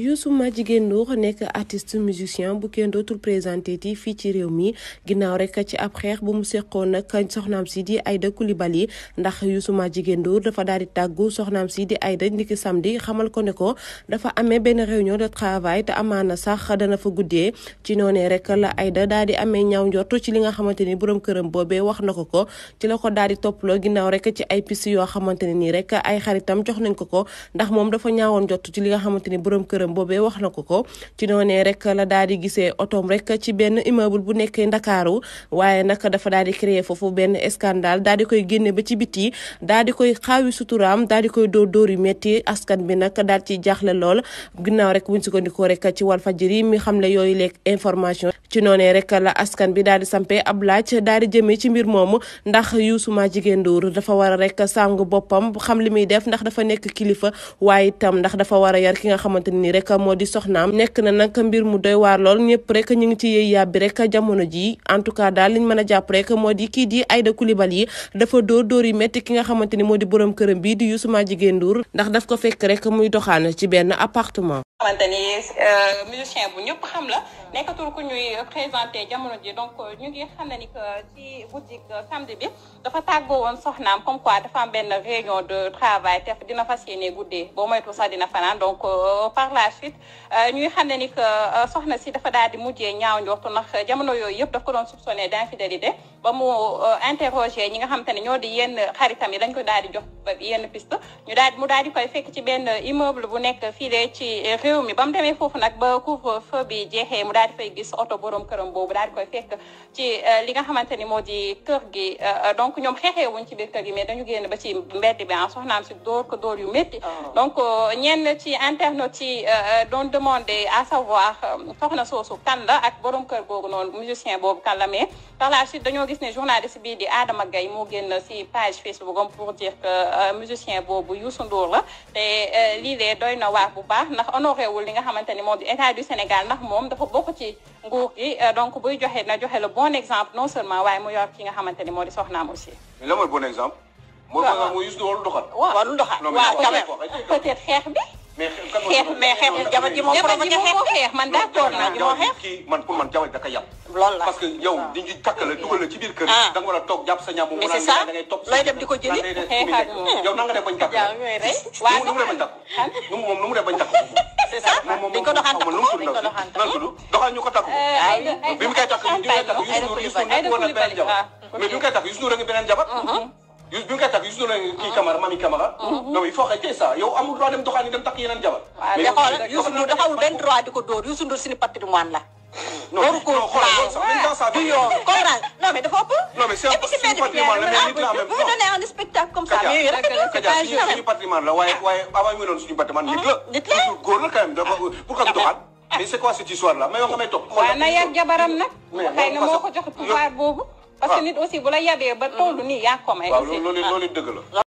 Youssouma Jigéen Ndour nekk artiste musicien bu kenn dootul présenté ti fii ci réew mi ginnaaw rek ci ab xeex bu mu seqoon nag soxnaam si di Aïda Coulibaly ndax Youssouma Jigéen Ndour dafa daal di tàggu soxnaam si di Aïda ndiki samedi xamal ko ne ko dafa amee benn réunion de travail te amaana sax dana fa guddee ci noonee rek la Aïda daal di amee ñaaw njort ci li nga xamante ni borom këram boobee wax na ko ko ci la daal di toppaloo ginnaaw rek ci ay piste yoo xamante ne nii rek ay xaritam jox nañ ko ko ndax moom dafa ñaawoon njort ci li nga xamante ni borom këram xaritam boobee wax na ko ko ci noonee rek la daal di gisee otoom rek ci benn immeuble bu nekkee Ndakaaru waaye nag dafa daal di créer foofu benn scandale daal di koy génne ba ci biti daal di koy xaawi suturaam daal di koy dóor dóor yu métti askan bi nag daal ci jaaxle lool ginnaaw rek buñ sukkandikoo rek ci Walfadjri mi xamle yooyu leeg information ci noonee rek la askan bi daal di sampee ab laaj daal di jëmee ci mbir moomu ndax Youssou Madjiguène Ndour dafa war a rek sàng boppam xam li muy def ndax dafa nekk kilifa waaye itam ndax dafa war a yar ki nga xamante ne nii moo di soxnaam nekk na nag mbir mu doy waar lool ñëpp rek ñu ngi ci yëy yàbbi rek jamono jii en tout cas daal liñ mën a jàpp rek moo di kii di Aïda yi dafa dóor dóor yi métti ki nga xamante ni moo di borom këram bii di Youssou Madjiguène Ndour ndax daf ko fekk rek muy doxaan ci benn appartement xamante ni euh, musicien bu ñëpp xam la nekkatul ko ñuy présenté jamono ji donc euh, ñu ngi xam ne ni que ci boutique euh, samedi bi dafa tàggoo woon soxnaam comme quoi dafa am benn réunion de travail te dina fa yéene guddee boo moytu sax dina fanaan donc par la suite ñuy xam ne ni que soxna si dafa daal di mujjee ñaaw njortu ndax jamono yooyu yëpp daf ko doon soupçonné d'infidélité ba mu euh, interroger ñi nga xam te ne ñoo di yenn xaritam yi dañ ko daal di jox yenn piste ñu daal mu daal di koy fekk ci benn immeuble bu nekk fii de ci réew mi ba mu demee foofu nag ba couvre-feu bi jeexee mu daal di fay gis oto borom këram boobu daal di koy fekk ci euh, li nga xamante ni moo di kër gi euh, donc ñoom xeexee wuñ ci biir gi mais dañu génn ba ci mbedd bi en ah, soxnaam si dóor ko dóor yu métti oh. donc ñenn ci internautes yi doon demander à savoir soxna soosu kan ak borom kër googu noonu musicien boobu kan la mais par la suite dañoo gis ne journaliste bii di Adama Gaye moo génn si page Facebook pour dire euh, musicien boobu Youssou Ndour la te euh, lii lee na waar bu baax ndax honoré wul li nga xamante ni moo di état du Sénégal ndax moom dafa bokk ci nguur gi euh, donc buy joxe na joxe le bon exemple non seulement waaye mu yor ki nga xamante ni moo di soxnaam aussi. mais lan mooy bon exemple. mooy mooy Youssou Ndour doxal. waaw waaw doxal waaw peut-être xeex bi. xeex mais xeex jabar ji moom problème xeex man d'accord naa ji moo man pour man jabar parce que yow di ñu takk la ci biir kër da nga war a toog jàpp sa ñaam ko moom yow nan bañ takk waaw nu mu bañ takk moom nu mu bañ takk moom dañ ko doxaan takk doxaan bi mu koy takk bi mu koy beneen jabar Youssou bi nga koy takk Youssou Ndour ne kii Camara mami Camara. Ah. Mm-hmm. non il faut arrêter yow amul droit dem doxaani dem takk yeneen jabar. mais Youssou Ndour dafa amul benn droit di ko dóor Youssou Ndour suñu patrimoine la. non ko xoolal du yoon non mais non mais c'est un patrimoine la la même. bu ñu donnee un spectacle comme ça. mais rek suñu patrimoine la waaye waaye avant ñu doxaat ah, mais c'est quoi cette histoire là mais yow nga may topp. waaw na yar jabaram nag. xëy na moo ko jox pouvoir boobu parce que nit aussi bu la yabee ba tollu nii yaa ko may. waaw loolu ah. loolu dëgg la.